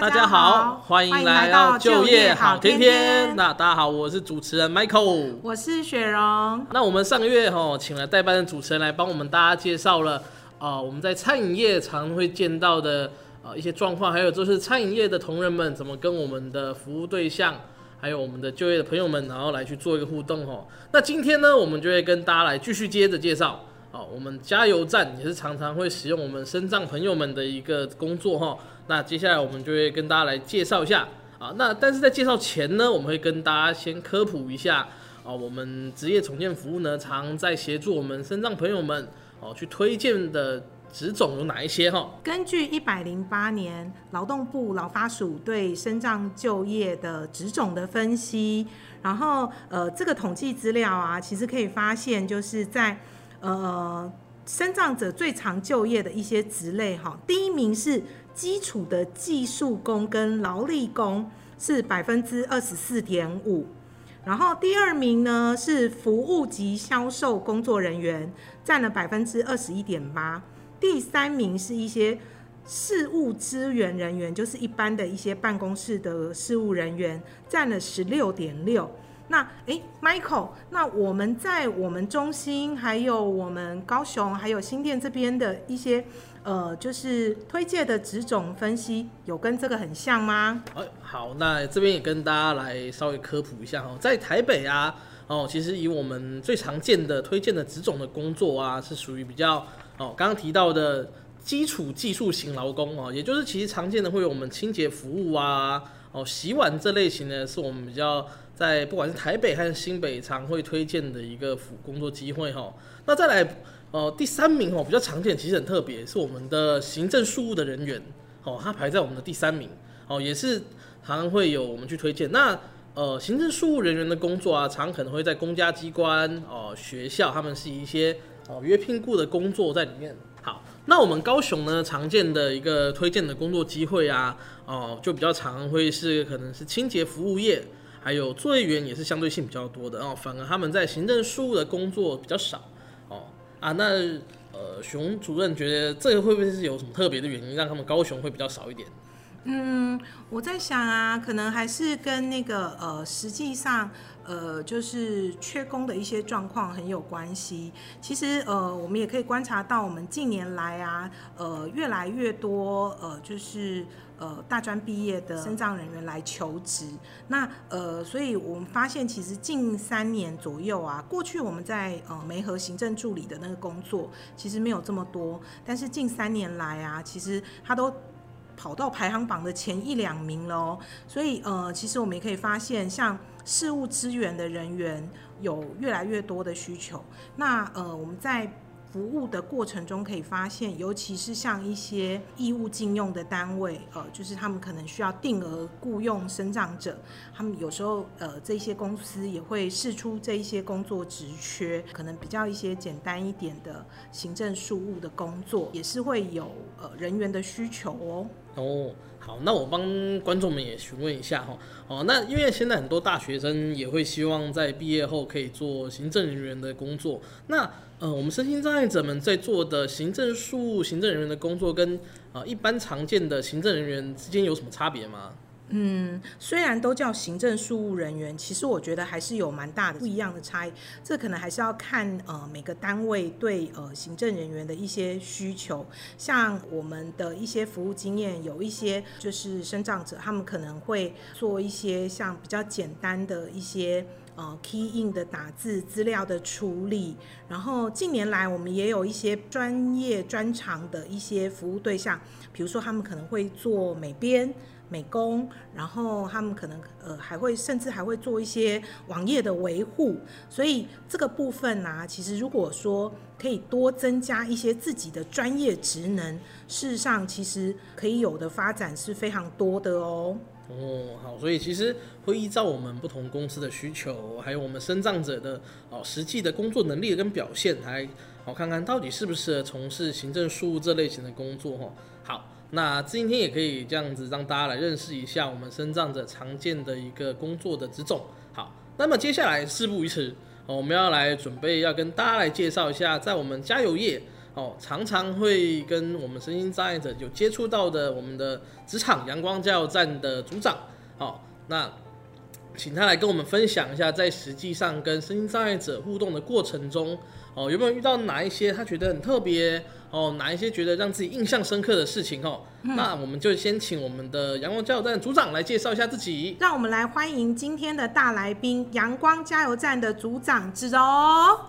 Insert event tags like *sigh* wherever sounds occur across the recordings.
大家好，歡迎來到就業好天天。天天那大家好，我是主持人 Michael，我是雪蓉。那我們上個月吼、哦，請了代班的主持人來幫我們大家介紹了啊、呃，我們在餐飲業常會見到的啊、呃、一些狀況，還有就是餐飲業的同仁們怎麼跟我們的服務對象，還有我們的就業的朋友們，然後來去做一個互動吼、哦。那今天呢，我們就會跟大家來繼續接着介紹。啊，我們加油站也是常常會使用我們身障朋友們的一個工作哈。那接下來我們就會跟大家來介紹一下啊。那但是在介紹前呢，我們會跟大家先科普一下啊。我們職業重建服務呢，常在協助我們身障朋友們哦去推薦的職種有哪一些哈？根據一百零八年勞動部勞發署對身障就業的職種的分析，然後呃這個統計資料啊，其實可以發現就是在。呃，身障者最常就業的一些職類哈，第一名是基礎的技術工跟勞力工是，是百分之二十四點五。然後第二名呢是服務及銷售工作人員，佔了百分之二十一點八。第三名是一些事務支援人員，就是一般的一些辦公室的事務人員，佔了十六點六。那哎，Michael，那我們在我們中心，還有我們高雄，還有新店這邊的一些，呃，就是推介的職種分析，有跟這個很像嗎？哎，好，那這邊也跟大家來稍微科普一下哦，在台北啊，哦，其實以我們最常見的推介的職種的工作啊，是屬於比較哦，剛剛提到的基礎技術型勞工哦，也就是其實常見的會有我們清潔服務啊，哦，洗碗這類型的，是我們比較。在不管是台北和新北，常會推薦的一個工作機會哈、哦。那再來，呃，第三名哦，比較常見，其實很特別，是我們的行政事務的人員哦，他排在我們的第三名哦，也是常常會有我們去推薦。那呃，行政事務人員的工作啊，常可能會在公家機關哦、呃、學校，他們是一些哦、呃、約聘雇的工作在裡面。好，那我們高雄呢，常見的一個推薦的工作機會啊，哦、呃，就比較常會是可能是清潔服務業。還有作業員也是相對性比較多的。哦，反而他們在行政事務的工作比較少哦啊，那呃，熊主任覺得這個會不會是有什麼特別的原因讓他們高雄會比較少一點？嗯，我在想啊，可能還是跟那個呃，實際上呃，就是缺工的一些狀況很有關係。其實呃，我們也可以觀察到，我們近年來啊，呃，越來越多呃，就是。呃，大專畢業的身障人員來求職，那呃，所以我們發現其實近三年左右啊，過去我們在呃媒合行政助理的那個工作其實沒有這麼多，但是近三年來啊，其實它都跑到排行榜的前一兩名了。所以呃，其實我們也可以發現，像事務資源的人員有越來越多的需求。那呃，我們在服務的過程中可以發現，尤其是像一些義務進用的單位，呃，就是他們可能需要定額僱用身障者。他們有時候，呃，這些公司也會釋出這一些工作職缺，可能比較一些簡單一點的行政事務的工作，也是會有呃人員的需求哦。哦。好，那我幫觀眾們也詢問一下哈。哦，那因為現在很多大學生也會希望在畢業後可以做行政人員的工作。那呃，我們身心障礙者們在做的行政事務、行政人員的工作，跟一般常見的行政人員之間有什麼差別嗎？嗯，雖然都叫行政事務人員，其實我覺得還是有蠻大的不一樣的差異。這可能還是要看呃每個單位對呃行政人員的一些需求。像我們的一些服務經驗，有一些就是身障者，他們可能會做一些像比較簡單的一些呃 key in 的打字、資料的處理。然後近年來，我們也有一些專業專長的一些服務對象，比如說他們可能會做美編。美工，然後他們可能呃還會甚至還會做一些網頁的維護，所以這個部分呢，啊，其實如果說可以多增加一些自己的專業職能，事實上其實可以有的發展是非常多的哦。哦，好，所以其實會依照我們不同公司的需求，還有我們身障者的哦實際的工作能力跟表現，來好看看到底適不適合從事行政事務這類型的工作哈，哦。好。那今天也可以這樣子，讓大家來認識一下我們身障者常見的一個工作的職種。好，那麼接下來事不宜遲，我們要來準備，要跟大家來介紹一下，在我們加油業，哦，常常會跟我們身心障礙者有接觸到的我們的職場陽光加油站的組長。好，那請他來跟我們分享一下，在實際上跟身心障礙者互動的過程中。哦，有沒有遇到哪一些他覺得很特別？哦，哪一些覺得讓自己印象深刻的事情？哦，嗯，那我們就先請我們的陽光加油站的組長來介紹一下自己。讓我們來歡迎今天的大來賓——陽光加油站的組長子柔。啊，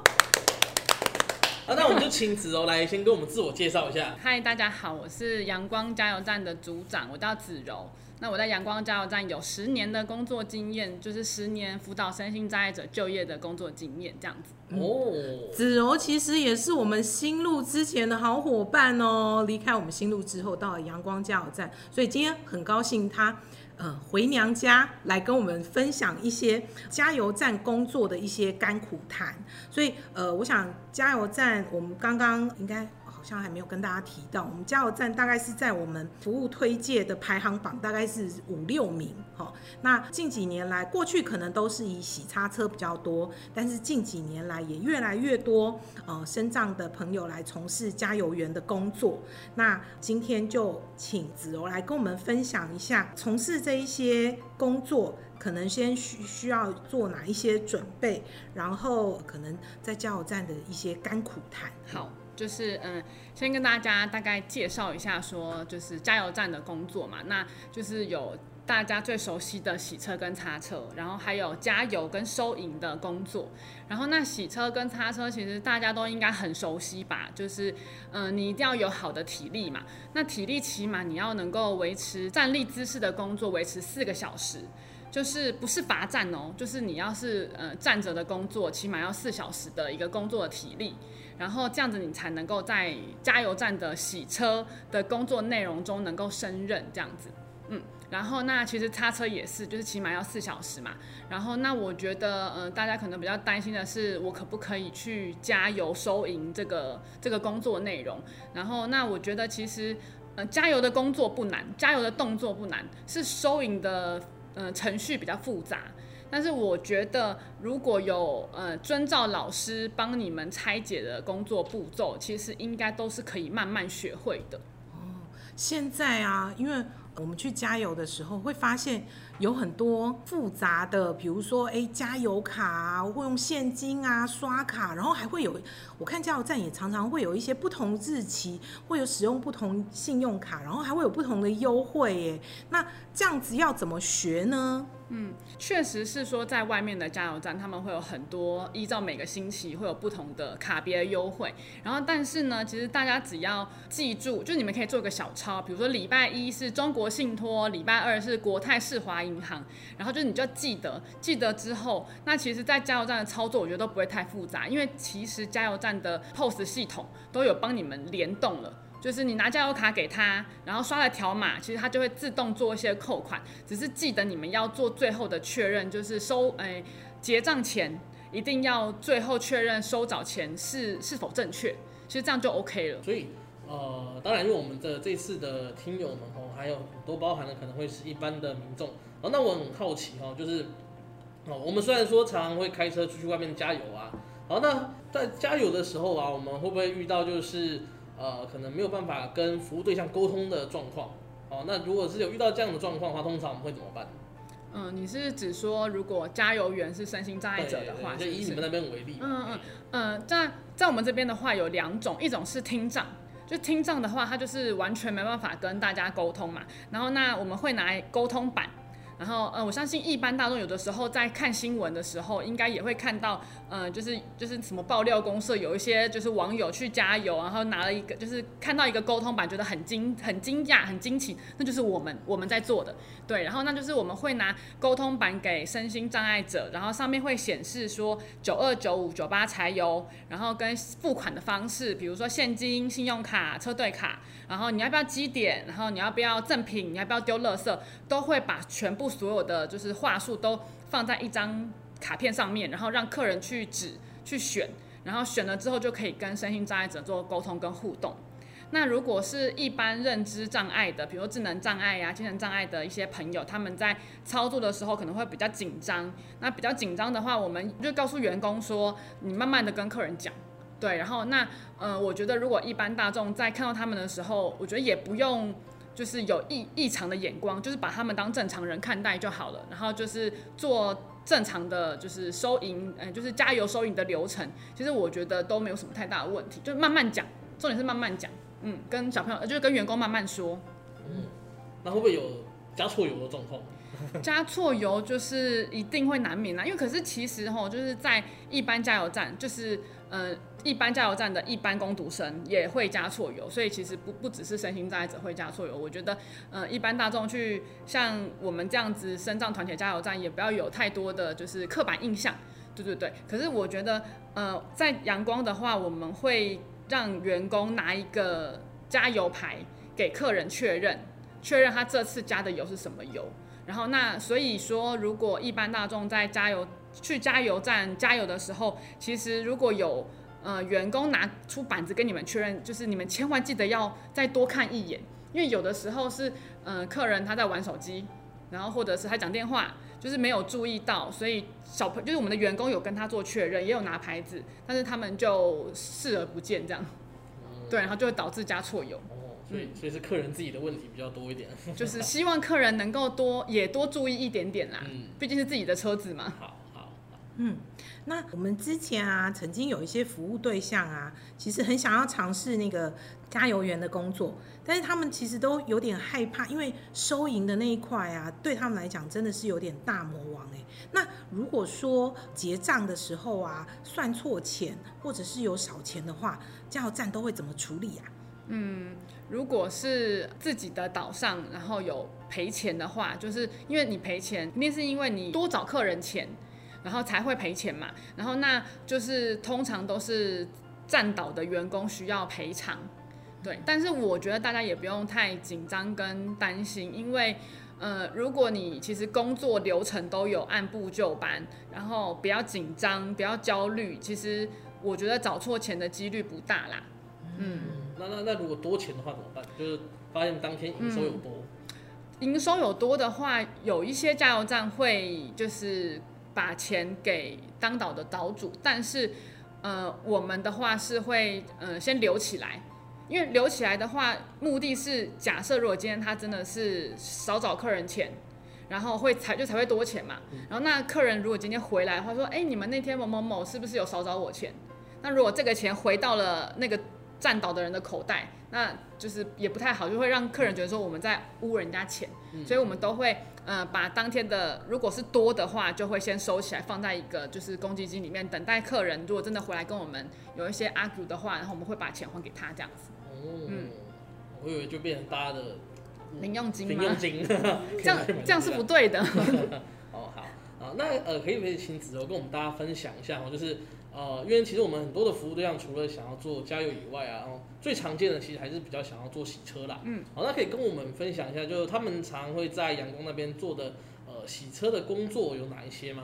那我們就請子柔來先跟我們自我介紹一下。嗨， *laughs* 大家好，我是陽光加油站的組長，我叫子柔。那我在陽光加油站有十年的工作經驗，就是十年輔導身心障礙者就業的工作經驗，這樣子。哦、嗯，子柔其實也是我們心路之前的好夥伴哦，離開我們心路之後到了陽光加油站，所以今天很高興她呃回娘家來跟我們分享一些加油站工作的一些甘苦談。所以呃，我想加油站我們剛剛應該。像還沒有跟大家提到，我們加油站大概是在我們服務推介的排行榜，大概是五六名。好，那近幾年來，過去可能都是以洗擦車，比較多，但是近幾年來，也越來越多呃，身障的朋友來從事加油員的工作。那今天就請子柔來跟我們分享一下，從事這一些工作可能先需需要做哪一些準備，然後可能在加油站的一些甘苦談。好。就是嗯、呃，先跟大家大概介紹一下說，說就是加油站的工作嘛，那就是有大家最熟悉的洗車跟擦車，然後還有加油跟收銀的工作。然後那洗車跟擦車，其實大家都應該很熟悉吧？就是嗯、呃，你一定要有好的體力嘛。那體力起碼你要能夠維持站立姿勢的工作維持四個小時，就是不是罰站哦，就是你要是呃站着的工作，起碼要四小時的一個工作的體力。然後這樣子，你才能夠在加油站的洗車的工作內容中能夠勝任這樣子，嗯。然後那其實擦車也是，就是起碼要四小時嘛。然後那我覺得，呃，大家可能比較擔心的是，我可不可以去加油收銀這個這個工作內容？然後那我覺得其實，呃，加油的工作不難，加油的動作不難，是收銀的呃程序比較複雜。但是我覺得，如果有呃遵照老師幫你們拆解的工作步驟，其實應該都是可以慢慢學會的。哦，現在啊，因為我們去加油的時候，會發現有很多複雜的，比如說，哎，加油卡啊，我會用現金啊，刷卡，然後還會有，我看加油站也常常會有一些不同日期，會有使用不同信用卡，然後還會有不同的優惠耶。那這樣子要怎麼學呢？嗯，確實是說，在外面的加油站他們會有很多依照每個星期會有不同的卡別優惠，然後但是呢，其實大家只要記住，就你們可以做個小抄，比如說禮拜一是中國信託，禮拜二是國泰世華銀行，然後就你就記得，記得之後，那其實，在加油站的操作，我覺得都不會太複雜，因為其實加油站的 POS 系統都有幫你們聯動了。就是你拿加油卡給他，然後刷了條碼，其實他就會自動做一些扣款，只是記得你們要做最後的確認，就是收哎、欸、結賬前一定要最後確認收找錢是是否正確，其實這樣就 OK 了。所以呃，當然，因為我們的這，這次的聽友們哦，還有都包含了可能會是一般的民眾哦。那我很好奇哦，就是哦，我們雖然說常常會開車出去外面加油啊，好，那在加油的時候啊，我們會不會遇到就是？呃，可能沒有辦法跟服務對象溝通的狀況，哦、呃，那如果是有遇到這樣的狀況的話，通常我們會怎麼辦呢？嗯，你是指說如果加油員是身心障礙者的話，就以你們那邊為例嗯？嗯嗯嗯，呃、嗯，在在我們這邊的話有兩種，一種是聽障，就聽障的話，他就是完全沒辦法跟大家溝通嘛，然後那我們會拿溝通板。然後，呃，我相信一般大眾有的時候在看新聞的時候，應該也會看到，嗯、呃，就是就是什麼爆料公社有一些就是網友去加油，然後拿了一個就是看到一個溝通板，覺得很驚、很驚、很驚訝、很驚奇，那就是我們我們在做的，對。然後那就是我們會拿溝通板給身心障礙者，然後上面會顯示說九二九五九八柴油，然後跟付款的方式，比如說現金、信用卡、車隊卡，然後你要不要積點，然後你要不要贈品，你要不要丟垃圾，都會把全部。所有的就是話術都放在一張卡片上面，然後讓客人去指去選，然後選了之後就可以跟身心障礙者做溝通跟互動。那如果是一般認知障礙的，比如說智能障礙呀、啊、精神障礙的一些朋友，他們在操作的時候可能會比較緊張。那比較緊張的話，我們就告訴員工說，你慢慢的跟客人講，對。然後那，呃，我覺得如果一般大眾在看到他們的時候，我覺得也不用。就是有異異常的眼光，就是把他們當正常人看待就好了。然後就是做正常的就是收銀，嗯，就是加油收銀的流程。其實我覺得都沒有什麼太大的問題，就慢慢講，重點是慢慢講。嗯，跟小朋友，就是跟員工慢慢說。嗯，那會不會有加錯油的狀況？ *laughs* 加錯油就是一定會難免啦、啊，因為可是其實吼，就是在一般加油站，就是呃一般加油站的一般工讀生也會加錯油，所以其實不不只是身心障礙者會加錯油。我覺得呃一般大眾去像我們這樣子身障團體加油站，也不要有太多的就是刻板印象，對對對。可是我覺得呃在陽光的話，我們會讓員工拿一個加油牌給客人確認，確認他這次加的油是什麼油。然後那所以說，如果一般大眾在加油去加油站加油的時候，其實如果有呃，呃員工拿出板子跟你們確認，就是你們千萬記得要再多看一眼，因為有的時候是呃客人他在玩手機，然後或者是他講電話，就是沒有注意到，所以小朋友就是我們的員工有跟他做確認，也有拿牌子，但是他們就視而不見這樣，對，然後就會導致加錯油。所以，所以是客人自己的問題比較多一點， *laughs* 就是希望客人能夠多也多注意一點點啦。嗯，畢竟是自己的車子嘛。好好好。好好嗯，那我們之前啊，曾經有一些服務對象啊，其實很想要嘗試那個加油員的工作，但是他們其實都有點害怕，因為收銀的那一塊啊，對他們來講真的是有點大魔王欸。那如果說結賬的時候啊，算錯錢或者是有少錢的話，加油站都會怎麼處理呀、啊？嗯。如果是自己的島上，然後有賠錢的話，就是因為你賠錢，那是因為你多找客人錢，然後才會賠錢嘛。然後那就是通常都是站島的員工需要賠償，對。但是我覺得大家也不用太緊張跟擔心，因為呃，如果你其實工作流程都有按部就班，然後不要緊張，不要焦慮，其實我覺得找錯錢的幾率不大啦。嗯，那那那如果多錢的話怎麼辦？就是發現當天營收有多，嗯、營收有多的話，有一些加油站會就是把錢給當島的島主，但是呃我們的話是會嗯、呃、先留起來，因為留起來的話，目的是假設如果今天他真的是少找客人錢，然後會才就才會多錢嘛，嗯、然後那客人如果今天回來的話說，哎、欸、你們那天某某某是不是有少找我錢？那如果這個錢回到了那個。佔到的人的口袋，那就是也不太好，就會讓客人覺得說我們在汙人家錢，嗯、所以我們都會呃把當天的如果是多的話，就會先收起來放在一個就是公積金裡面，等待客人如果真的回來跟我們有一些阿祖的話，然後我們會把錢還給他這樣子。哦，嗯、我以為就變成大家的零、嗯、用金嗎？零用金， *laughs* 以這樣以這樣是不對的。哦 *laughs* 好，啊那呃可以不可以請子柔跟我們大家分享一下哦，就是。呃，因為其實我們很多的服務對象除了想要做加油以外啊，最常見的其實還是比較想要做洗車啦。嗯，好，那可以跟我們分享一下，就是他們常會在陽光那邊做的呃，洗車的工作有哪一些嗎？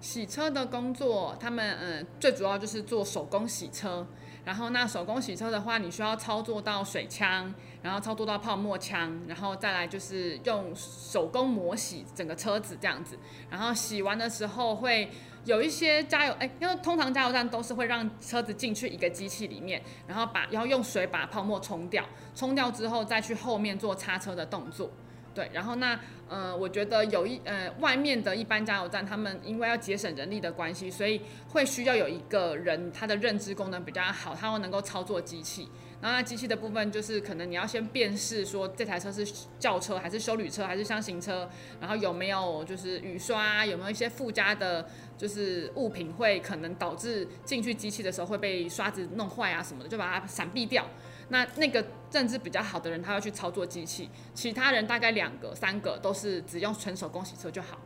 洗車的工作，他們嗯，呃，最主要就是做手工洗車。然後那手工洗車的話，你需要操作到水槍，然後操作到泡沫槍，然後再來就是用手工磨洗整個車子這樣子。然後洗完的時候會。有一些加油，誒、欸，因為通常加油站都是會讓車子進去一個機器裡面，然後把，要用水把泡沫沖掉，沖掉之後再去後面做擦車的動作，對，然後那，呃，我覺得有一，呃，外面的一般加油站，他們因為要節省人力的關係，所以會需要有一個人，他的認知功能比較好，他會能夠操作機器。那機器的部分就是，可能你要先辨識說這台車是轎車還是休旅車還是廂型車，然後有沒有就是雨刷，有沒有一些附加的，就是物品會可能導致進去機器的時候會被刷子弄壞啊什麼的，就把它閃避掉。那那個認知比較好的人，他要去操作機器，其他人大概兩個三個都是只用純手工洗車就好。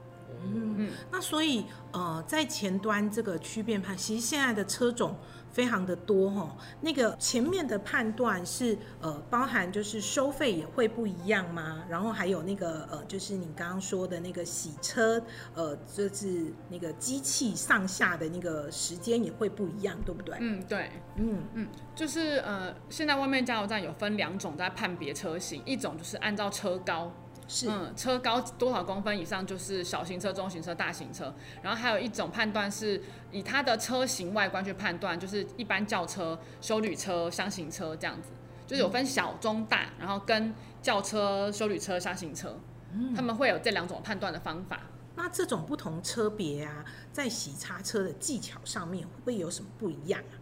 嗯，嗯那所以呃，在前端這個區辨判，其實現在的車種，非常的多哦，那個前面的判斷是呃，包含就是收費也會不一樣嗎？然後還有那個呃，就是你剛剛說的那個洗車，呃，就是那個機器上下的那個時間也會不一樣，對不對？嗯，對，嗯嗯，就是呃，現在外面加油站有分兩種在判別車型，一種就是按照車高。是嗯，車高多少公分以上就是小型車、中型車、大型車。然後還有一種判斷是以它的車型外觀去判斷，就是一般轎車、休旅車、箱型車這樣子，就是有分小、嗯、中、大，然後跟轎車、休旅車、箱型車，嗯、他們會有這兩種判斷的方法。那這種不同車別啊，在洗擦車的技巧上面，會不會有什麼不一樣、啊？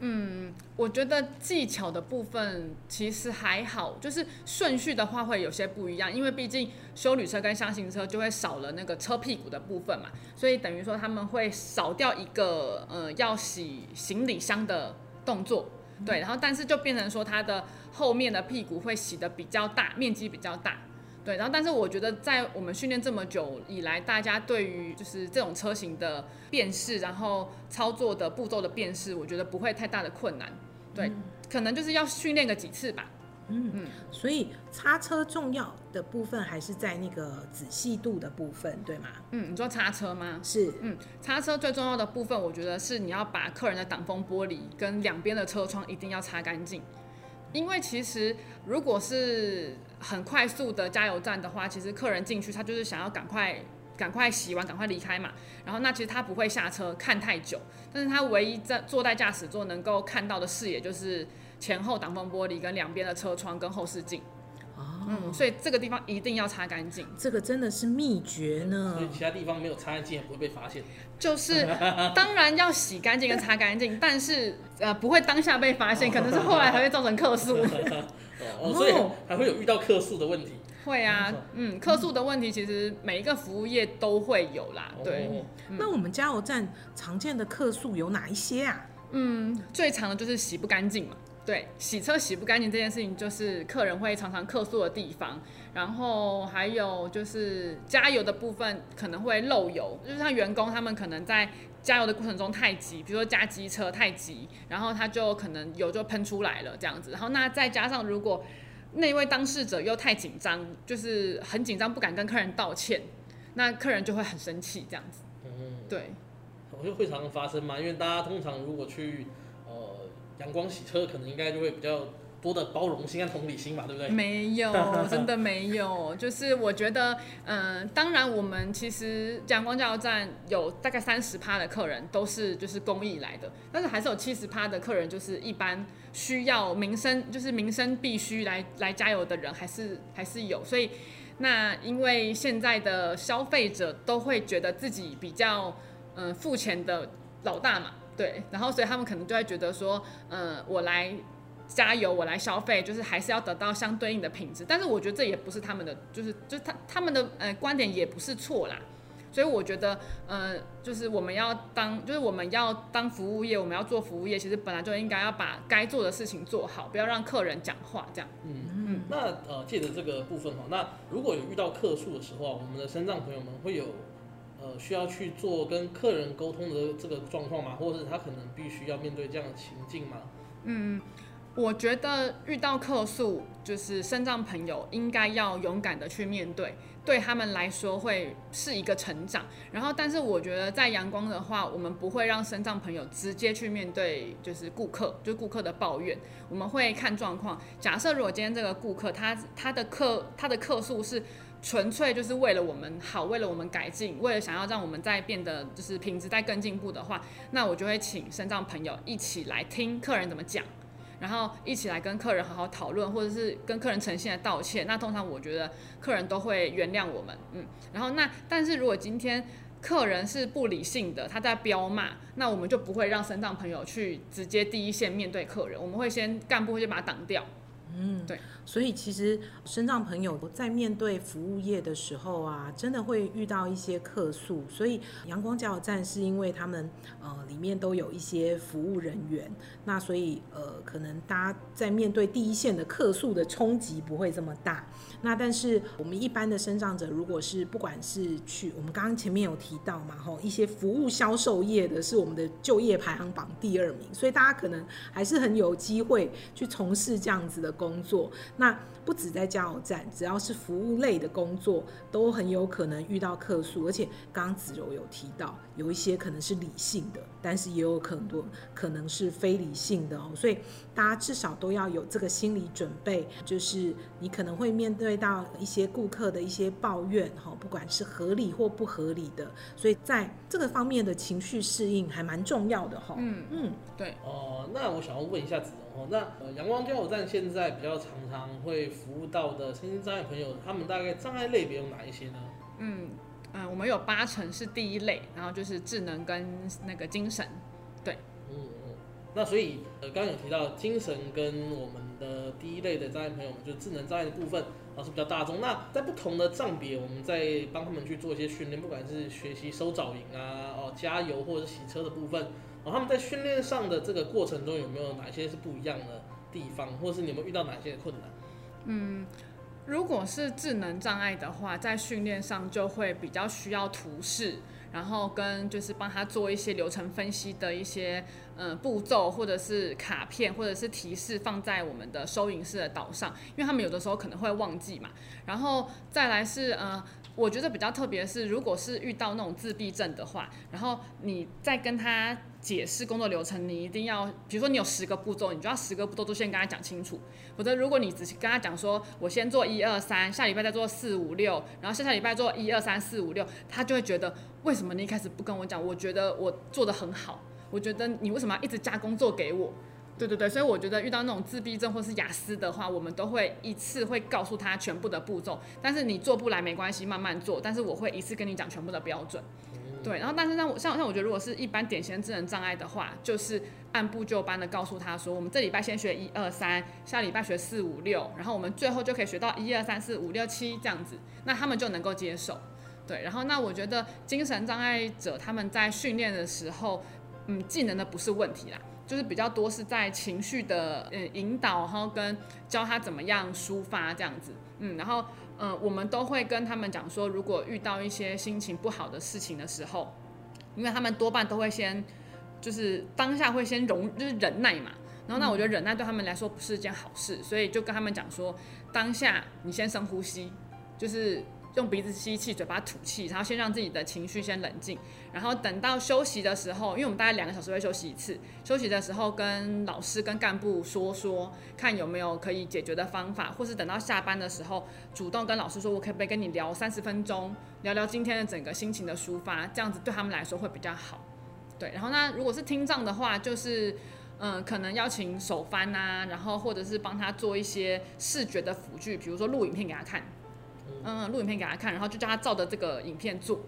嗯，我覺得技巧的部分其實還好，就是順序的話會有些不一樣，因為畢竟休旅車跟箱型車就會少了那個車屁股的部分嘛，所以等於說他們會少掉一個呃要洗行李箱的動作，嗯、對，然後但是就變成說他的後面的屁股會洗得比較大，面積比較大。對，然後但是我覺得，在我們訓練這麼久以來，大家對於就是這種車型的辨識，然後操作的步驟的辨識，我覺得不會太大的困難。對，嗯、可能就是要訓練個幾次吧。嗯嗯。嗯，所以擦車重要的部分還是在那個仔細度的部分，對嗎？嗯，你說擦車嗎？是。嗯，擦車最重要的部分，我覺得是你要把客人的擋風玻璃跟兩邊的車窗一定要擦乾淨，因為其實如果是。很快速的加油站的話，其實客人進去他就是想要趕快、趕快洗完、趕快離開嘛。然後那其實他不會下車看太久，但是他唯一在坐在駕駛座能夠看到的視野就是前後擋風玻璃跟兩邊的車窗跟後視鏡。哦、嗯，所以這個地方一定要擦乾淨，這個真的是秘訣呢。所以其他地方沒有擦乾淨也不會被發現？就是，當然要洗乾淨跟擦乾淨， *laughs* 但是呃不會當下被發現，可能是後來還會造成客訴。 *laughs* 哦，oh, 所以還會有遇到客訴的問題。會啊，嗯，客訴的問題其實每一個服務業都會有啦。對，oh. 嗯，那我們加油站常見的客訴有哪一些啊？嗯，最常的就是洗不乾淨嘛。對，洗車洗不乾淨這件事情就是客人會常常客訴的地方。然後還有就是加油的部分可能會漏油，就是像員工他們可能在。加油的過程中太急，比如說加機車太急，然後他就可能油就噴出來了這樣子。然後那再加上如果那位當事者又太緊張，就是很緊張不敢跟客人道歉，那客人就會很生氣這樣子。嗯，對，我覺得會常常發生嘛，因為大家通常如果去呃陽光洗車，可能應該就會比較。多的包容心和同理心吧，對不對？沒有，真的沒有。 *laughs* 就是我覺得，嗯、呃，當然我們其實陽光加油站有大概三十趴的客人都是就是公益來的，但是還是有七十趴的客人就是一般需要民生，就是民生必須來來加油的人還是還是有。所以那因為現在的消費者都會覺得自己比較嗯付錢的老大嘛，對，然後所以他們可能就會覺得說，嗯、呃，我來，加油，我來消費，就是還是要得到相對應的品質。但是我覺得這也不是他們的，就是就他他們的呃、欸、觀點也不是錯啦。所以我覺得呃，就是我們要當，就是我們要當服務業，我們要做服務業，其實本來就應該要把該做的事情做好，不要讓客人講話這樣。嗯嗯。嗯那呃，借着這個部分哈、哦，那如果有遇到客訴的時候啊，我們的身障朋友們會有呃需要去做跟客人溝通的這個狀況嗎？或者是他可能必須要面對這樣的情境嗎？嗯。我覺得遇到客訴，就是身障朋友應該要勇敢的去面對，對他們來說會是一個成長。然後，但是我覺得在陽光的話，我們不會讓身障朋友直接去面對，就是顧客，就是顧客的抱怨。我們會看狀況。假設如果今天這個顧客他他的客他的客訴是純粹就是為了我們好，為了我們改進，為了想要讓我們再變得就是品質再更進步的話，那我就會請身障朋友一起來聽客人怎麼講。然後一起來跟客人好好討論，或者是跟客人誠心的道歉。那通常我覺得客人都會原諒我們，嗯。然後那但是如果今天客人是不理性的，他在飆罵，那我們就不會讓身障朋友去直接第一線面對客人，我們會先幹部會先把他擋掉，嗯，對。所以其實身障朋友在面對服務業的時候啊，真的會遇到一些客訴。所以陽光加油站是因為他們呃裡面都有一些服務人員，那所以呃可能大家在面對第一線的客訴的衝擊不會這麼大。那但是我們一般的身障者，如果是不管是去我們剛剛前面有提到嘛吼，一些服務銷售業的是我們的就業排行榜第二名，所以大家可能還是很有機會去從事這樣子的工作。那不止在加油站，只要是服務類的工作，都很有可能遇到客訴。而且剛剛子柔有提到，有一些可能是理性的，但是也有很多可能是非理性的哦。所以大家至少都要有這個心理準備，就是你可能會面對到一些顧客的一些抱怨，不管是合理或不合理的。所以在這個方面的情緒適應還蠻重要的。嗯嗯，嗯對。哦、呃，那我想要問一下子柔。哦，那呃，陽光加油站現在比較常常會服務到的身心障礙朋友，他們大概障礙類別有哪一些呢？嗯，啊、呃，我們有八成是第一類，然後就是智能跟那個精神，對。嗯嗯。那所以呃，剛有提到精神跟我們的第一類的障礙朋友，就智能障礙的部分，還、哦、是比較大眾。那在不同的障別，我們在幫他們去做一些訓練，不管是學習收銀啊，哦加油或者是洗車的部分。然後、哦、他們在訓練上的這個過程中有沒有哪些是不一樣的地方，或是你們遇到哪些困難？嗯，如果是智能障礙的話，在訓練上就會比較需要圖示，然後跟就是幫他做一些流程分析的一些嗯、呃、步驟，或者是卡片，或者是提示放在我們的收銀室的島上，因為他們有的時候可能會忘記嘛。然後再來是呃，我覺得比較特別的是，如果是遇到那種自閉症的話，然後你再跟他解釋工作流程，你一定要，比如說你有十個步驟，你就要十個步驟都先跟他講清楚，否則如果你只是跟他講說，我先做一二三，下禮拜再做四五六，然後下下禮拜做一二三四五六，他就會覺得為什麼你一開始不跟我講？我覺得我做得很好，我覺得你為什麼要一直加工作給我？對對對，所以我覺得遇到那種自閉症或是亞斯的話，我們都會一次會告訴他全部的步驟，但是你做不來沒關係，慢慢做，但是我會一次跟你講全部的標準。對，然後但是讓我像像我覺得，如果是一般典型智能障礙的話，就是按部就班的告訴他說，我們這禮拜先學一二三，下禮拜學四五六，然後我們最後就可以學到一二三四五六七這樣子，那他們就能夠接受。對，然後那我覺得精神障礙者他們在訓練的時候，嗯，技能的不是問題啦，就是比較多是在情緒的嗯引導，然後跟教他怎麼樣抒發這樣子，嗯，然後。嗯，我們都會跟他們講說，如果遇到一些心情不好的事情的時候，因為他們多半都會先，就是當下會先容，就是、忍耐嘛。然後，那我覺得忍耐對他們來說不是一件好事，所以就跟他們講說，當下你先深呼吸，就是。用鼻子吸氣，嘴巴吐氣，然後先讓自己的情緒先冷靜，然後等到休息的時候，因為我們大概兩個小時會休息一次，休息的時候跟老師跟幹部說說，看有沒有可以解決的方法，或是等到下班的時候，主動跟老師說，我可不可以跟你聊三十分鐘，聊聊今天的整個心情的抒發，這樣子對他們來說會比較好。對，然後呢，如果是聽障的話，就是嗯、呃，可能邀請手翻啊，然後或者是幫他做一些視覺的輔具，比如說錄影片給他看。嗯，錄影片給他看，然後就叫他照着這個影片做。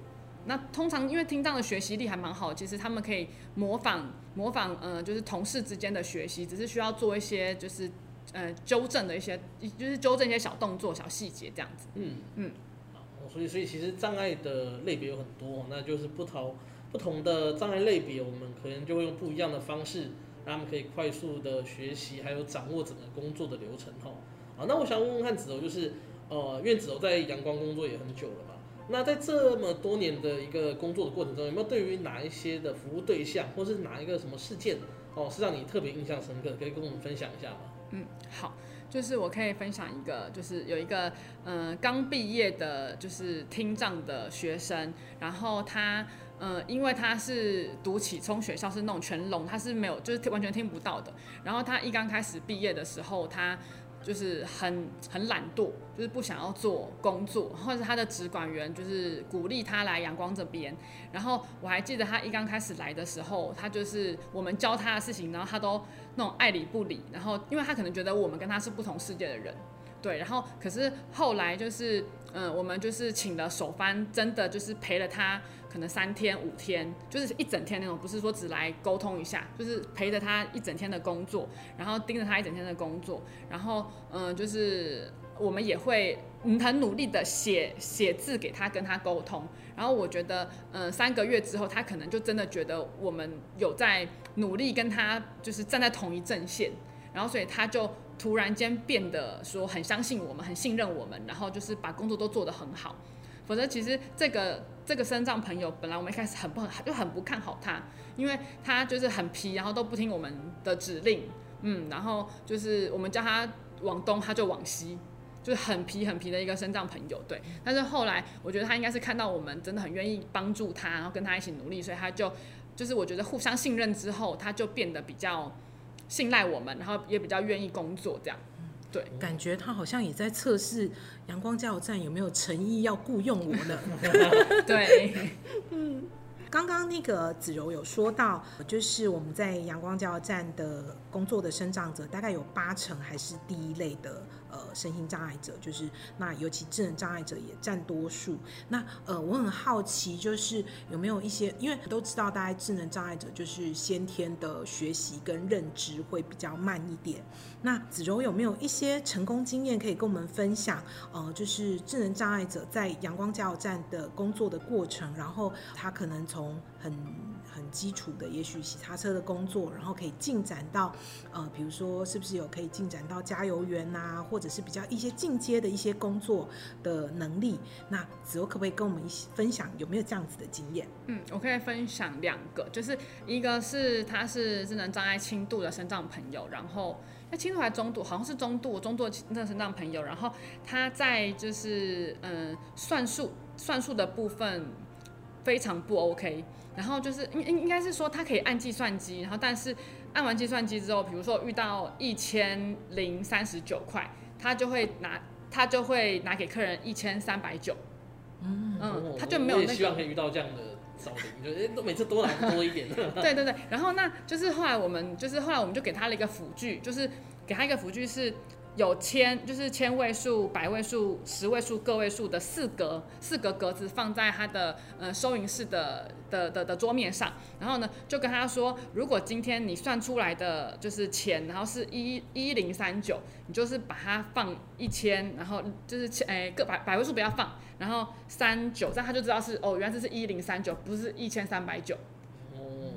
那通常因為聽障的學習力還蠻好，其實他們可以模仿模仿，嗯、呃，就是同事之間的學習，只是需要做一些就是呃糾正的一些，就是糾正一些小動作、小細節這樣子。嗯嗯。哦、嗯，所以所以其實障礙的類別有很多，那就是不同不同的障礙類別，我們可能就會用不一樣的方式，讓他們可以快速的學習，還有掌握整個工作的流程哈。啊，那我想問問看子柔，就是。呃，苑子柔在陽光工作也很久了嘛。那在這麼多年的一個工作的過程中，有沒有對於哪一些的服務對象，或是哪一個什麼事件，哦、呃，是讓你特別印象深刻，可以跟我們分享一下嗎？嗯，好，就是我可以分享一個，就是有一個，呃，剛畢業的，就是聽障的學生，然後他，呃，因為他是讀啟聰學校，是那種全聾，他是沒有，就是完全聽不到的。然後他一剛開始畢業的時候，他。就是很很懶惰，就是不想要做工作，或者是他的職管員就是鼓勵他來陽光這邊。然後我還記得他一剛開始來的時候，他就是我們教他的事情，然後他都那種愛理不理。然後因為他可能覺得我們跟他是不同世界的人，對。然後可是後來就是，嗯，我們就是請了手翻真的就是陪了他。可能三天五天，就是一整天那種，不是說只來溝通一下，就是陪着他一整天的工作，然後盯着他一整天的工作，然後嗯、呃，就是我們也會，很努力的寫寫字給他，跟他溝通。然後我覺得，嗯、呃，三個月之後，他可能就真的覺得我們有在努力跟他，就是站在同一陣線，然後所以他就突然間變得說很相信我們，很信任我們，然後就是把工作都做得很好。否則，其實這個。這個身障朋友本來我們一開始很不很就很不看好他，因為他就是很皮，然後都不聽我們的指令，嗯，然後就是我們叫他往東他就往西，就是很皮很皮的一個身障朋友，對。但是後來我覺得他應該是看到我們真的很願意幫助他，然後跟他一起努力，所以他就就是我覺得互相信任之後，他就變得比較信賴我們，然後也比較願意工作這樣。對，感覺他好像也在測試陽光加油站有沒有誠意要雇用我呢。 *laughs* *laughs* 對，嗯，剛剛那個子柔有說到，就是我們在陽光加油站的工作的身障者，大概有八成還是第一類的，呃。身心障礙者就是那，尤其智能障礙者也占多數。那呃，我很好奇，就是有沒有一些，因為都知道，大家智能障礙者就是先天的學習跟認知會比較慢一點。那子柔有沒有一些成功經驗可以跟我們分享？呃，就是智能障礙者在陽光加油站的工作的過程，然後他可能從很很基礎的，也許洗擦車的工作，然後可以進展到呃，比如說是不是有可以進展到加油員啊，或者是？比較一些進階的一些工作的能力，那子柔可不可以跟我們一起分享，有沒有這樣子的經驗？嗯，我可以分享兩個，就是一個是他是智能障礙輕度的身障朋友，然後那輕度還是，中度，好像是中度中度，的那身障朋友，然後他在就是嗯、呃、算術算術的部分非常不 OK，然後就是應應應該是說他可以按計算機，然後但是按完計算機之後，比如說遇到一千零三十九塊。他就會拿，他就會拿給客人一千三百九。嗯，嗯嗯、他就沒有那個。也希望可以遇到這樣的收銀，就哎，都每次多拿多一點。 *laughs* 對對對，然後那就是後來我們就是後來我們就給他了一個輔具，就是給他一個輔具是有千，就是千位數、百位數、十位數、個位數的四格，四格格子放在他的呃收銀室的的的的桌面上，然後呢，就跟他說，如果今天你算出來的就是錢，然後是一一零三九，你就是把它放一千，然後就是千哎個百百位數不要放，然後三九，這樣他就知道是哦，原來是一零三九，不是一千三百九，哦，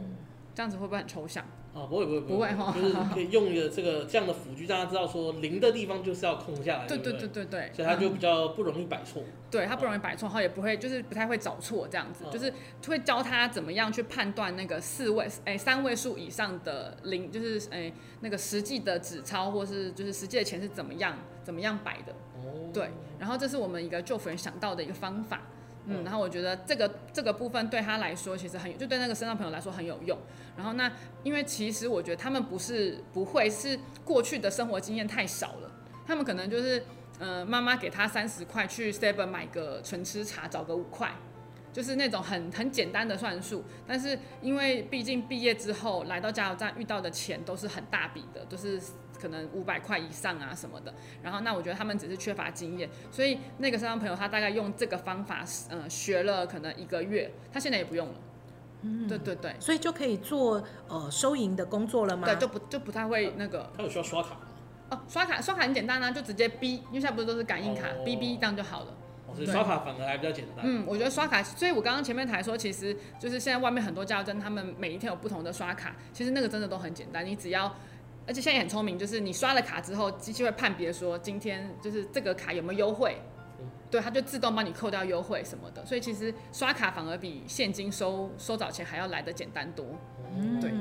這樣子會不會很抽象？哦，不會不會不會，哈，不會哦、就是可以用一個這個好這樣的輔具，讓大家知道說零的地方就是要空下來，對對對對對，所以他就比較不容易擺錯，嗯嗯、對，他不容易擺錯，然、嗯、也不會就是不太會找錯這樣子，就是會教他怎麼樣去判斷那個四位誒、嗯哎、三位數以上的零，就是誒、哎、那個實際的紙鈔或是就是實際的錢是怎麼樣怎麼樣擺的，哦，對，然後這是我們一個就服員想到的一個方法。嗯，然後我覺得這個這個部分對他來說其實很，就對那個身障朋友來說很有用。然後那因為其實我覺得他們不是不會是過去的生活經驗太少了，他們可能就是呃媽媽給他三十塊去 seven 買個純吃茶，找個五塊，就是那種很很簡單的算術。但是因為畢竟畢業之後來到加油站遇到的錢都是很大筆的，都、就是。可能五百塊以上啊什麼的，然後那我覺得他們只是缺乏經驗，所以那個商家朋友他大概用這個方法，嗯，學了可能一個月，他現在也不用了。嗯，對對對，所以就可以做呃收銀的工作了嗎？對，就不就不太會那個。他有需要刷卡嗎？哦，刷卡刷卡很簡單呢、啊，就直接 B，因為現在不是都是感應卡，B B 這樣就好了。嗯、我覺得刷卡反而還比較簡單。嗯，我覺得刷卡，所以我剛剛前面才說，其實就是現在外面很多加油站，他們每一天有不同的刷卡，其實那個真的都很簡單，你只要。而且現在也很聰明，就是你刷了卡之後，機器會判別說，今天就是這個卡有沒有優惠，對，它就自動幫你扣掉優惠什麼的。所以其實刷卡反而比現金收收找錢還要來得簡單多，嗯，對。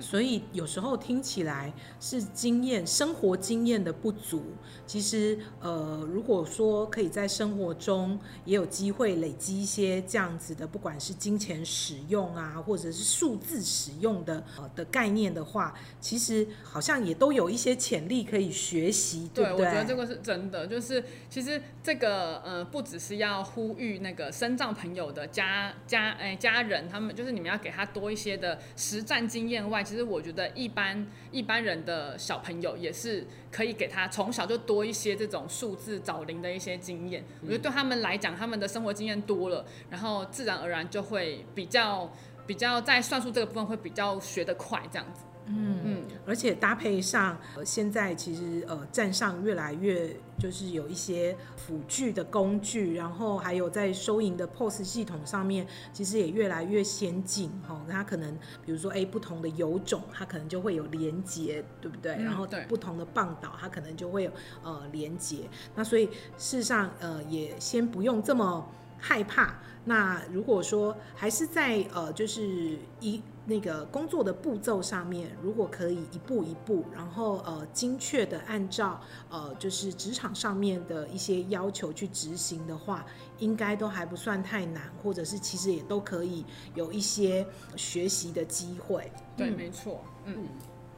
所以有時候聽起來是經驗、生活經驗的不足。其實，呃，如果說可以在生活中也有機會累積一些這樣子的，不管是金錢使用啊，或者是數字使用的呃的概念的話，其實好像也都有一些潛力可以學習，對不對？對，我覺得這個是真的，就是其實這個呃，不只是要呼籲那個身障朋友的家家哎家人，他們就是你們要給他多一些的實戰經驗外。其實我覺得，一般一般人的小朋友也是可以給他從小就多一些這種數字找零的一些經驗。我覺得對他們來講，他們的生活經驗多了，然後自然而然就會比較比較在算術這個部分會比較學得快，這樣子。嗯嗯，而且搭配上，呃、現在其實呃，站上越來越就是有一些輔具的工具，然後還有在收銀的 POS 系統上面，其實也越來越先進哦，它可能比如說，哎，不同的油種它可能就會有連接，對不對？嗯、對，然後不同的棒島它可能就會有呃連接。那所以事實上，呃，也先不用這麼害怕。那如果說還是在呃，就是一。那個工作的步驟上面，如果可以一步一步，然後呃精確的按照呃就是職場上面的一些要求去執行的話，應該都還不算太難，或者是其實也都可以有一些學習的機會。對，嗯、沒錯，嗯。嗯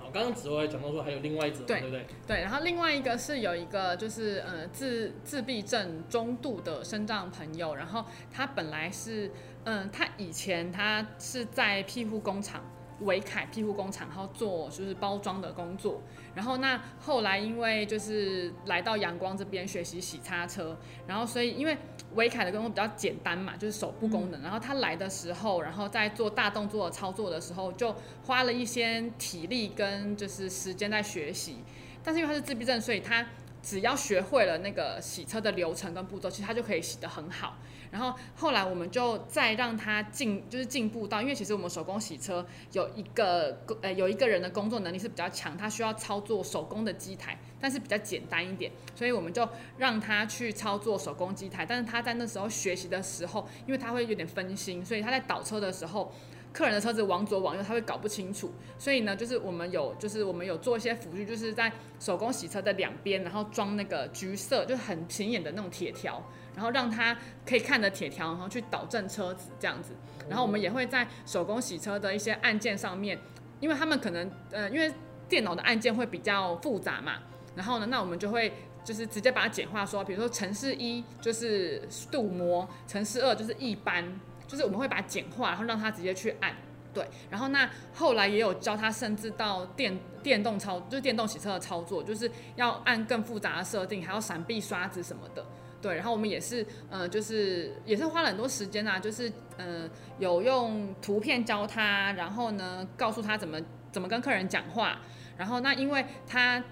好，剛剛子柔講到說還有另外一種，對，對不對？對，然後另外一個是有一個就是呃自自閉症中度的身障朋友，然後他本來是。嗯，他以前他是在庇護工廠，維凱庇護工廠，然後做就是包裝的工作。然後那後來因為就是來到陽光這邊學習洗擦車，然後所以因為維凱的工作比較簡單嘛，就是手部功能。嗯、然後他來的時候，然後在做大動作的操作的時候，就花了一些體力跟就是時間在學習。但是因為他是自閉症，所以他只要學會了那個洗車的流程跟步驟，其實他就可以洗得很好。然後後來我們就再讓他進，就是進步到，因為其實我們手工洗車有一個工，呃，有一個人的工作能力是比較強，他需要操作手工的機台，但是比較簡單一點，所以我們就讓他去操作手工機台。但是他在那時候學習的時候，因為他會有點分心，所以他在倒車的時候，客人的車子往左往右，他會搞不清楚。所以呢，就是我們有，就是我們有做一些輔助，就是在手工洗車的兩邊，然後裝那個橘色，就很顯眼的那種鐵條。然後讓他可以看着鐵條，然後去導正車子這樣子。然後我們也會在手工洗車的一些按鍵上面，因為他們可能呃，因為電腦的按鍵會比較複雜嘛。然後呢，那我們就會就是直接把它簡化，說比如說程式一就是鍍膜，程式二就是一般，就是我們會把它簡化，然後讓他直接去按對。然後那後來也有教他，甚至到電電動操就是電動洗車的操作，就是要按更複雜的設定，還要閃避刷子什麼的。對，然後我們也是，嗯、呃，就是也是花了很多時間啊，就是，嗯、呃，有用圖片教他，然後呢，告訴他怎麼怎麼跟客人講話，然後那因為他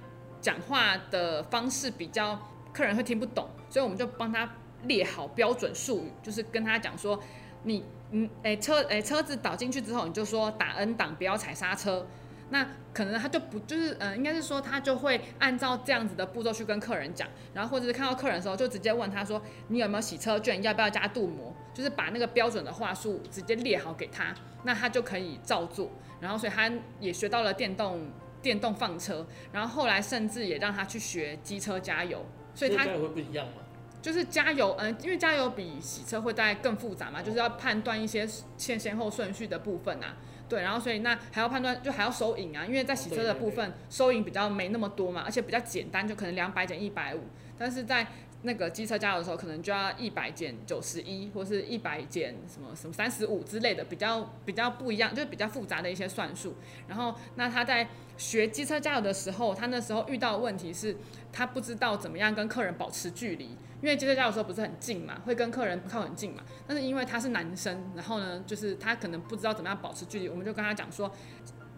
講話的方式比較，客人會聽不懂，所以我們就幫他列好標準術語，就是跟他講說，你，嗯，誒、欸，車，誒、欸，車子倒進去之後，你就說打 N 檔，不要踩剎車。那可能他就不就是嗯，應該是說他就會按照這樣子的步驟去跟客人講，然後或者是看到客人的時候就直接問他說：“你有沒有洗車券？要不要加鍍膜？”就是把那個標準的話術直接列好給他，那他就可以照做。然後所以他也學到了電動電動放車，然後後來甚至也讓他去學機車加油，所以他所以加油會不一樣嗎？就是加油，嗯，因為加油比洗車會帶更複雜嘛，就是要判斷一些先先後順序的部分啊。對，然後所以那還要判斷，就還要收銀啊，因為在洗車的部分，收銀比較沒那麼多嘛，而且比較簡單，就可能兩百減一百五，150，但是在。那個機車加油的時候，可能就要一百減九十一，91, 或者是一百減什麼什麼三十五之類的，比較比較不一樣，就是比較複雜的一些算術。然後，那他在學機車加油的時候，他那時候遇到的問題是他不知道怎麼樣跟客人保持距離，因為機車加油的時候不是很近嘛，會跟客人靠很近嘛。但是因為他是男生，然後呢，就是他可能不知道怎麼樣保持距離，我們就跟他講說，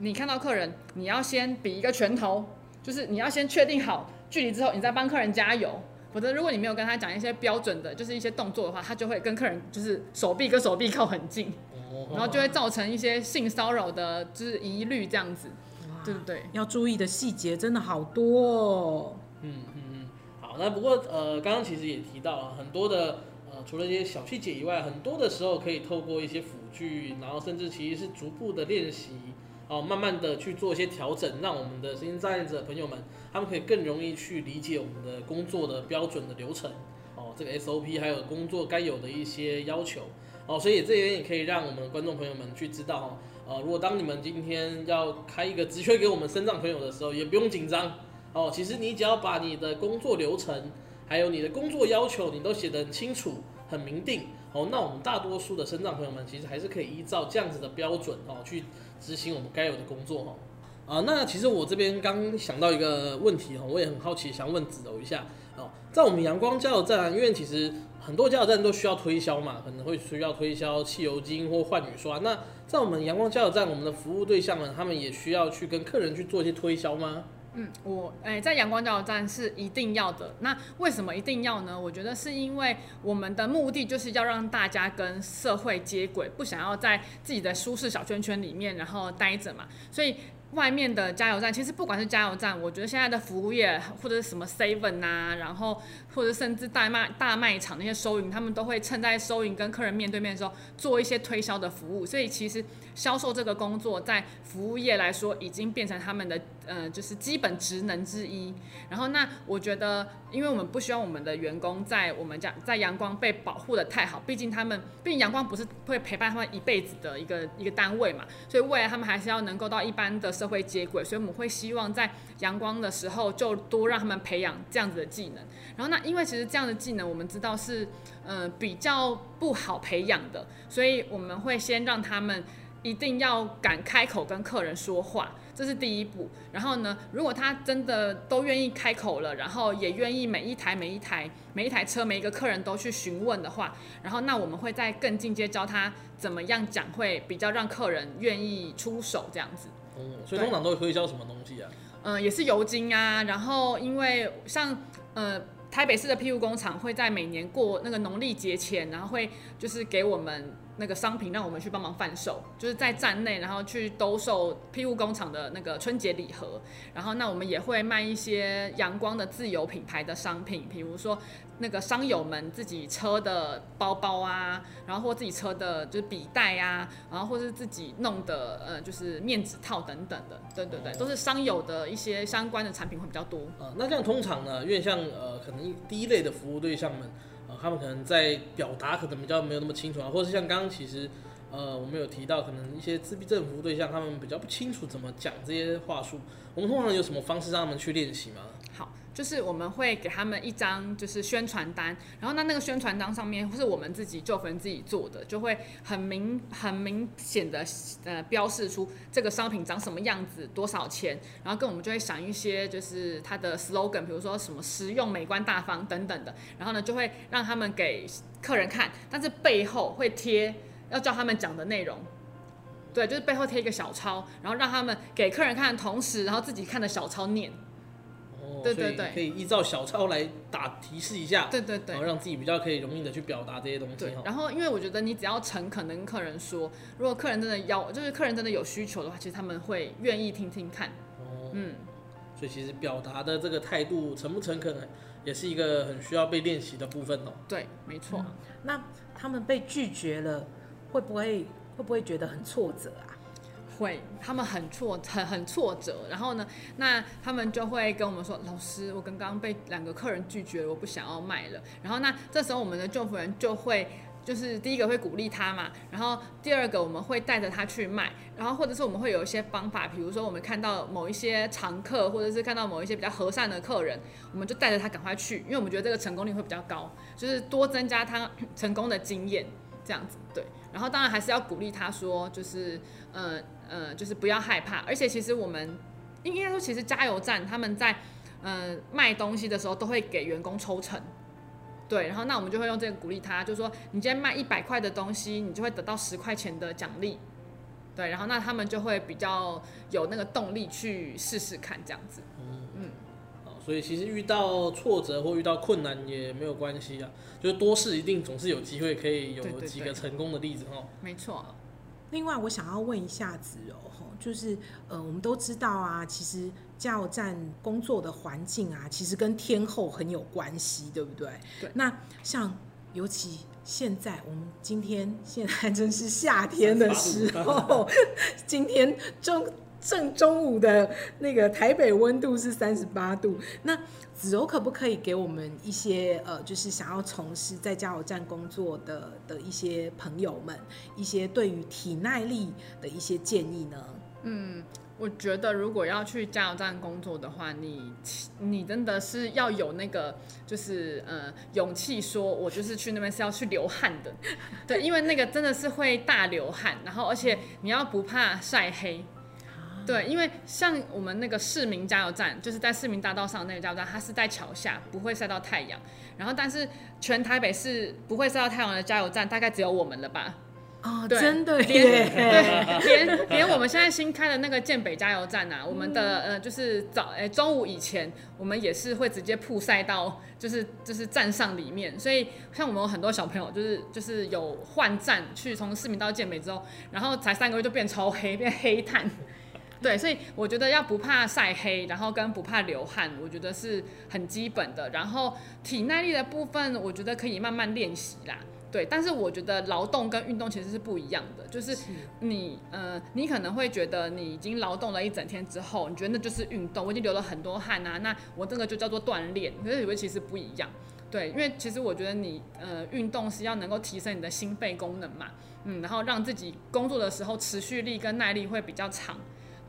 你看到客人，你要先比一個拳頭，就是你要先確定好距離之後，你再幫客人加油。否則，如果你沒有跟他講一些標準的，就是一些動作的話，他就會跟客人就是手臂跟手臂靠很近，然後就會造成一些性騷擾的就是疑慮這樣子，對不對？要注意的細節真的好多哦。嗯嗯嗯，好，那不過呃，剛剛其實也提到了很多的呃，除了一些小細節以外，很多的時候可以透過一些輔具，然後甚至其實是逐步的練習。哦，慢慢的去做一些調整，讓我們的身心障礙者朋友們，他們可以更容易去理解我們的工作的標準的流程。哦，這個 SOP 還有工作該有的一些要求。哦，所以這也可以讓我們觀眾朋友們去知道哦，呃，如果當你們今天要開一個職缺給我們身障朋友的時候，也不用緊張。哦，其實你只要把你的工作流程，還有你的工作要求，你都寫得很清楚、很明定。哦，那我們大多數的身障朋友們其實還是可以依照這樣子的標準哦，去執行我們該有的工作哈、哦。啊、哦，那其實我這邊剛想到一個問題哈、哦，我也很好奇想問子柔一下哦，在我們陽光加油站，因為其實很多加油站都需要推銷嘛，可能會需要推銷汽油精或換雨刷。那在我們陽光加油站，我們的服務對象們，他們也需要去跟客人去做一些推銷嗎？嗯，我誒、欸，在陽光加油站是一定要的。那為什麼一定要呢？我覺得是因為我們的目的就是要讓大家跟社會接軌，不想要在自己的舒適小圈圈裡面然後待着嘛。所以外面的加油站，其實不管是加油站，我覺得現在的服務業或者是什麼 Seven 啊，然後或者甚至大賣大賣場那些收銀，他們都會趁在收銀跟客人面對面的時候做一些推銷的服務。所以其實。銷售這個工作在服務業來說已經變成他們的呃就是基本職能之一。然後那我覺得，因為我們不希望我們的員工在我們講在陽光被保護得太好，畢竟他們畢竟陽光不是會陪伴他們一輩子的一個一個單位嘛，所以未來他們還是要能夠到一般的社會接軌。所以我們會希望在陽光的時候就多讓他們培養這樣子的技能。然後那因為其實這樣的技能我們知道是呃比較不好培養的，所以我們會先讓他們。一定要敢開口跟客人說話，這是第一步。然後呢，如果他真的都願意開口了，然後也願意每一台、每一台、每一台車、每一個客人都去詢問的話，然後那我們會再更進階教他怎麼樣講會比較讓客人願意出手這樣子。嗯，所以通常都會推銷什麼東西啊？嗯、呃，也是油精啊。然後因為像呃。台北市的庇護工廠會在每年過那個農曆節前，然後會就是給我們那個商品，讓我們去幫忙販售，就是在站內，然後去兜售庇護工廠的那個春節禮盒。然後那我們也會賣一些陽光的自有品牌的商品，比如說。那個商友們自己車的包包啊，然後或自己車的就是筆袋啊，然後或是自己弄的呃就是面紙套等等的，對對對，哦、都是商友的一些相關的產品會比較多。呃，那這樣通常呢，因為像呃可能第一類的服務對象們，呃他們可能在表達可能比較沒有那麼清楚啊，或是像剛剛其實呃我們有提到可能一些自閉症服務對象他們比較不清楚怎麼講這些話術，我們通常有什麼方式讓他們去練習嗎？就是我們會給他們一張就是宣傳單，然後那那個宣傳單上面是我們自己就粉自己做的，就會很明很明顯的呃標示出這個商品長什麼樣子，多少錢，然後跟我們就會想一些就是它的 slogan，比如說什麼實用、美觀、大方等等的，然後呢就會讓他們給客人看，但是背後會貼要叫他們講的內容，對，就是背後貼一個小抄，然後讓他們給客人看的同時然後自己看的小抄念。對對對，以可以依照小抄來打提示一下，對對對，然後讓自己比較可以容易的去表達這些東西。然後因為我覺得你只要誠懇的跟客人說，如果客人真的要，就是客人真的有需求的話，其實他們會願意聽聽聽看。哦，嗯，所以其實表達的這個態度誠不誠懇，也是一個很需要被練習的部分哦。對，沒錯。嗯，那他們被拒絕了，會不會會不會覺得很挫折啊？會，他們很挫很很挫折，然後呢，那他們就會跟我們說，老師，我剛剛被兩個客人拒絕了，我不想要賣了。然後那這時候我們的就服員就會，就是第一個會鼓勵他嘛，然後第二個我們會帶着他去賣，然後或者是我們會有一些方法，比如說我們看到某一些常客，或者是看到某一些比較和善的客人，我們就帶着他趕快去，因為我們覺得這個成功率會比較高，就是多增加他成功的經驗，這樣子對。然後當然還是要鼓勵他說，就是呃。呃、嗯，就是不要害怕，而且其實我們，應該說其實加油站他們在，嗯、呃，賣東西的時候都會給員工抽成，對，然後那我們就會用這個鼓勵他，就說你今天賣一百塊的東西，你就會得到十塊錢的獎勵，對，然後那他們就會比較有那個動力去試試看這樣子，嗯嗯，嗯好，所以其實遇到挫折或遇到困難也沒有關係啊，就是多試，一定總是有機會可以有幾個成功的例子哦，沒錯。另外，我想要問一下子柔，就是呃，我們都知道啊，其實加油站工作的環境啊，其實跟天候很有關係，對不對？對。那像尤其現在，我們今天現在真是夏天的時候， *laughs* 今天中正中午的那個台北溫度是三十八度，那。子柔可不可以給我們一些呃，就是想要從事在加油站工作的的一些朋友們一些對於體耐力的一些建議呢？嗯，我覺得如果要去加油站工作的話，你你真的是要有那個就是呃勇氣，說我就是去那邊是要去流汗的，對，因為那個真的是會大流汗，然後而且你要不怕曬黑。對，因為像我們那個市民加油站，就是在市民大道上那個加油站，它是在橋下，不會曬到太陽。然後，但是全台北市不會曬到太陽的加油站，大概只有我們了吧？哦，對真的，連連連我們現在新開的那個建北加油站吶、啊， *laughs* 我們的呃，就是早哎中午以前，我們也是會直接曝曬到，就是就是站上裡面。所以，像我們有很多小朋友，就是就是有換站去從市民到建北之後，然後才三個月就變超黑，變黑炭。對，所以我覺得要不怕曬黑，然後跟不怕流汗，我覺得是很基本的。然後體耐力的部分，我覺得可以慢慢練習啦。對，但是我覺得勞動跟運動其實是不一樣的，就是你是呃，你可能會覺得你已經勞動了一整天之後，你覺得那就是運動，我已經流了很多汗啊，那我這個就叫做鍛鍊。可是以為其實不一樣，對，因為其實我覺得你呃，運動是要能夠提升你的心肺功能嘛，嗯，然後讓自己工作的時候持續力跟耐力會比較長。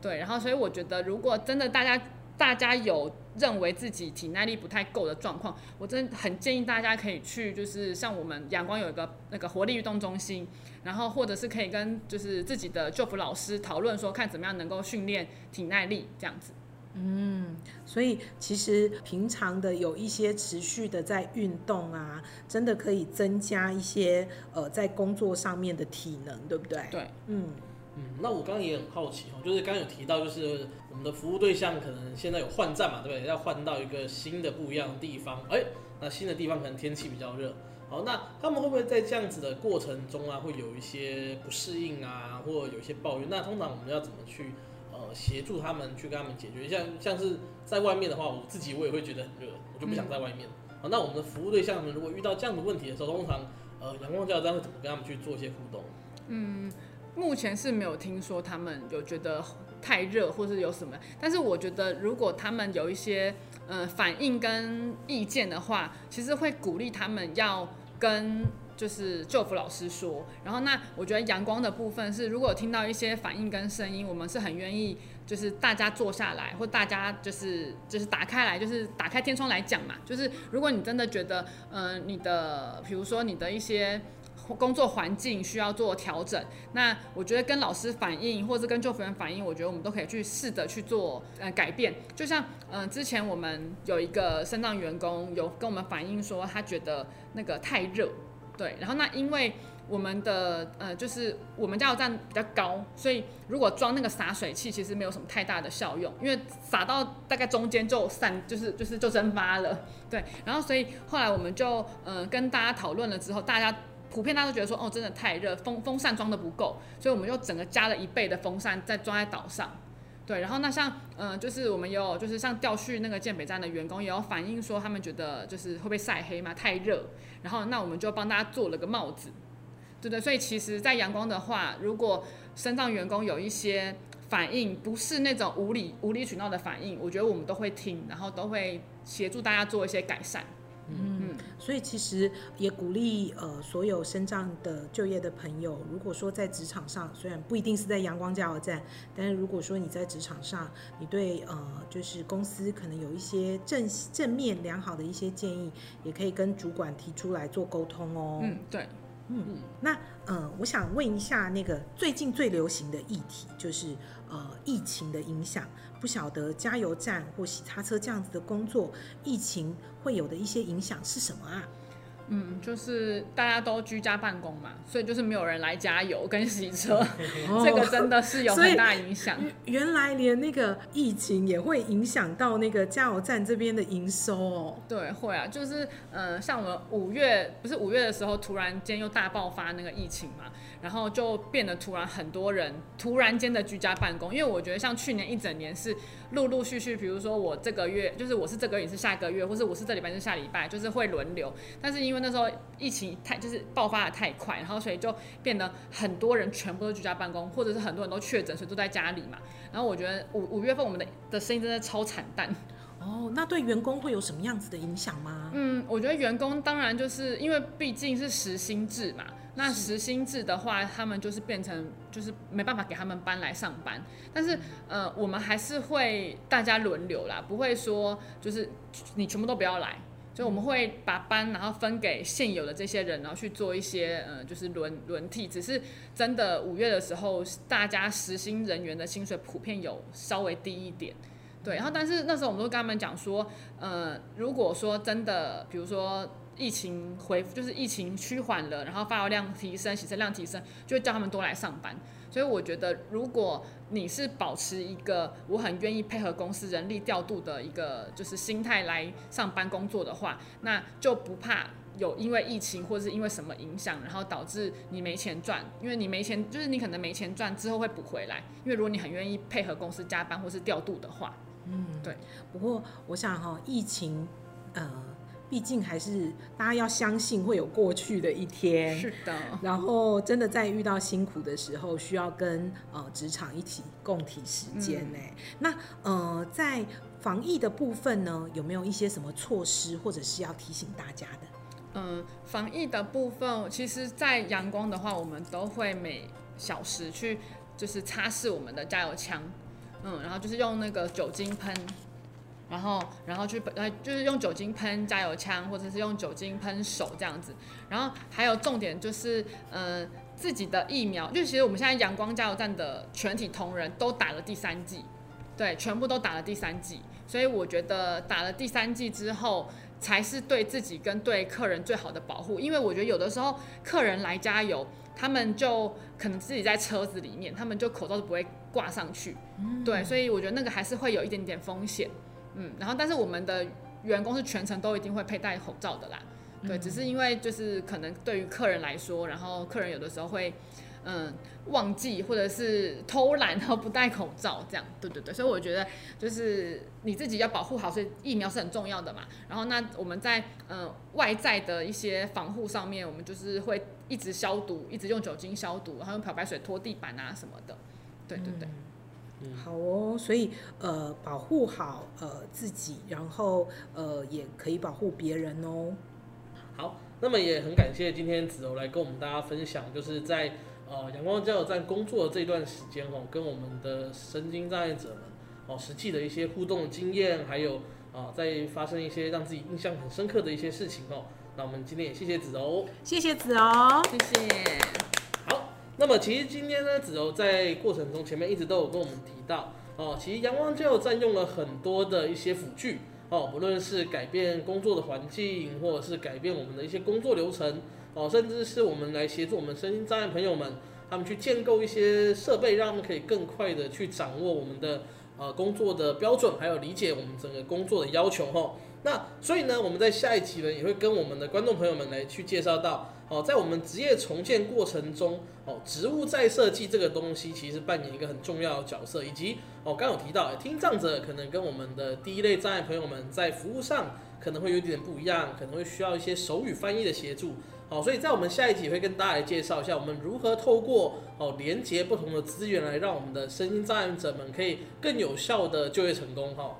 對，然後所以我覺得，如果真的大家大家有認為自己體耐力不太夠的狀況，我真的很建議大家可以去，就是像我們陽光有一個那個活力運動中心，然後或者是可以跟就是自己的就服老師討論說，看怎麼樣能夠訓練體耐力這樣子。嗯，所以其實平常的有一些持續的在運動啊，真的可以增加一些呃在工作上面的體能，對不對？對，嗯。嗯，那我剛剛也很好奇哦，就是剛剛有提到，就是我們的服務對象可能現在有換站嘛，對不對？要換到一個新的不一樣的地方，哎，那新的地方可能天氣比較熱，好，那他們會不會在這樣子的過程中啊，會有一些不適應啊，或者有一些抱怨？那通常我們要怎麼去呃協助他們去跟他們解決？像像是在外面的話，我自己我也會覺得很熱，我就不想在外面。嗯、好，那我們的服務對象們如果遇到這樣的問題的時候，通常呃陽光加油站會怎麼跟他們去做一些互動？嗯。目前是沒有聽說他們有覺得太熱或是有什麼，但是我覺得如果他們有一些呃反應跟意見的話，其實會鼓勵他們要跟就是就服老師說。然後那我覺得陽光的部分是，如果聽到一些反應跟聲音，我們是很願意就是大家坐下來，或大家就是就是打開來，就是打開天窗來講嘛。就是如果你真的覺得嗯、呃、你的，比如說你的一些。工作環境需要做調整，那我覺得跟老師反映，或者跟就服員反映，我覺得我們都可以去試着去做呃改變。就像嗯、呃，之前我們有一個身障員工有跟我們反映說，他覺得那個太熱，對。然後那因為我們的呃，就是我們加油站比較高，所以如果裝那個灑水器，其實沒有什麼太大的效用，因為灑到大概中間就散，就是就是就蒸發了，對。然後所以後來我們就嗯、呃、跟大家討論了之後，大家。普遍大家都覺得說，哦，真的太熱，風風扇裝的不夠，所以我們又整個加了一倍的風扇再裝在島上，對。然後那像，嗯、呃，就是我們有，就是像調去那個建北站的員工也有反映說，他們覺得就是會被曬黑嘛，太熱。然後那我們就幫大家做了個帽子，對不對？所以其實，在陽光的話，如果身障員工有一些反應，不是那種無理無理取鬧的反應，我覺得我們都會聽，然後都會協助大家做一些改善。嗯，所以其實也鼓勵呃所有身障的就業的朋友，如果說在職場上雖然不一定是在陽光加油站，但是如果說你在職場上，你對呃就是公司可能有一些正正面良好的一些建議，也可以跟主管提出來做溝通哦。嗯，對，嗯嗯，那呃我想問一下那個最近最流行的議題，就是呃疫情的影響。不曉得加油站或洗擦車這樣子的工作，疫情會有的一些影響是什麼啊？嗯，就是大家都居家辦公嘛，所以就是沒有人來加油跟洗車， *laughs* 這個真的是有很大影響。原來連那個疫情也會影響到那個加油站這邊的營收哦。對，會啊，就是呃，像我們五月不是五月的時候突然間又大爆發那個疫情嘛。然後就變得突然，很多人突然間的居家辦公，因為我覺得像去年一整年是陸陸續續，比如說我這個月就是我是這個月是下個月，或是我是這禮拜是下禮拜，就是會輪流。但是因為那時候疫情太就是爆發得太快，然後所以就變得很多人全部都居家辦公，或者是很多人都確診，所以都在家裡嘛。然後我覺得五五月份我們的的生意真的超慘淡。哦，那對員工會有什麼樣子的影響嗎？嗯，我覺得員工當然就是因為畢竟是時薪制嘛。那時薪制的話，是他們就是變成就是沒辦法給他們班來上班，但是、嗯、呃，我們還是會大家輪流啦，不會說就是你全部都不要來，所以我們會把班然後分給現有的這些人，然後去做一些呃就是輪輪替。只是真的五月的時候，大家時薪人員的薪水普遍有稍微低一點，對。然後但是那時候我們都跟他們講說，呃，如果說真的比如說。疫情回就是疫情趨緩了，然後發藥量提升，洗車量提升，就會叫他們多來上班。所以我覺得，如果你是保持一個我很願意配合公司人力調度的一個就是心態來上班工作的話，那就不怕有因為疫情或是因為什麼影響，然後導致你沒錢賺，因為你沒錢，就是你可能沒錢賺之後會補回來。因為如果你很願意配合公司加班或是調度的話，嗯，對。不過我想哈、哦，疫情，呃。畢竟還是大家要相信會有過去的一天，是的。然後真的在遇到辛苦的時候，需要跟呃職場一起共體時艱呢。嗯、那呃在防疫的部分呢，有沒有一些什麼措施或者是要提醒大家的？嗯、呃，防疫的部分，其實在陽光的話，我們都會每小時去就是擦拭我們的加油槍，嗯，然後就是用那個酒精噴。然後，然後去噴，呃，就是用酒精噴加油槍，或者是用酒精噴手這樣子。然後還有重點就是，呃，自己的疫苗，就其實我們現在陽光加油站的全體同仁都打了第三劑，對，全部都打了第三劑。所以我覺得打了第三劑之後，才是對自己跟對客人最好的保護。因為我覺得有的時候客人來加油，他們就可能自己在車子裡面，他們就口罩都不會掛上去，嗯，對，所以我覺得那個還是會有一點點風險。嗯，然後但是我們的員工是全程都一定會佩戴口罩的啦，對，嗯、只是因為就是可能對於客人來說，然後客人有的時候會嗯忘記或者是偷懶然後不戴口罩這樣，對對對，所以我覺得就是你自己要保護好，所以疫苗是很重要的嘛。然後那我們在嗯、呃、外在的一些防護上面，我們就是會一直消毒，一直用酒精消毒，然後用漂白水拖地板啊什麼的，對對對。嗯好哦，所以呃保護好呃自己，然後呃也可以保護別人哦。好，那麼也很感謝今天子柔來跟我們大家分享，就是在呃陽光加油站工作的這一段時間哦，跟我們的身心障礙者們哦實際的一些互動經驗，還有啊、呃、在發生一些讓自己印象很深刻的一些事情哦。那我們今天也謝謝子柔，謝謝子柔，謝謝。那麼其實今天呢，子柔在過程中前面一直都有跟我們提到哦，其實陽光就有占用了很多的一些輔具哦，不論是改變工作的環境，或者是改變我們的一些工作流程哦，甚至是我們來協助我們身心障礙朋友們，他們去建構一些設備，讓他們可以更快地去掌握我們的呃工作的標準，還有理解我們整個工作的要求哈、哦。那所以呢，我們在下一期呢也會跟我們的觀眾朋友們來去介紹到。哦，在我們職業重建過程中，哦，職務再設計這個東西其實扮演一個很重要的角色，以及哦，剛剛有提到聽障者可能跟我們的第一類障礙朋友們在服務上可能會有點不一樣，可能會需要一些手語翻譯的協助。好，所以在我們下一集會跟大家來介紹一下我們如何透過哦連接不同的資源來讓我們的身心障礙者們可以更有效的就業成功。哈，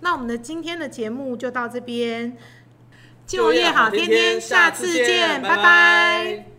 那我們的今天的節目就到這邊。就業好，天天下次見，下次見拜拜。拜拜。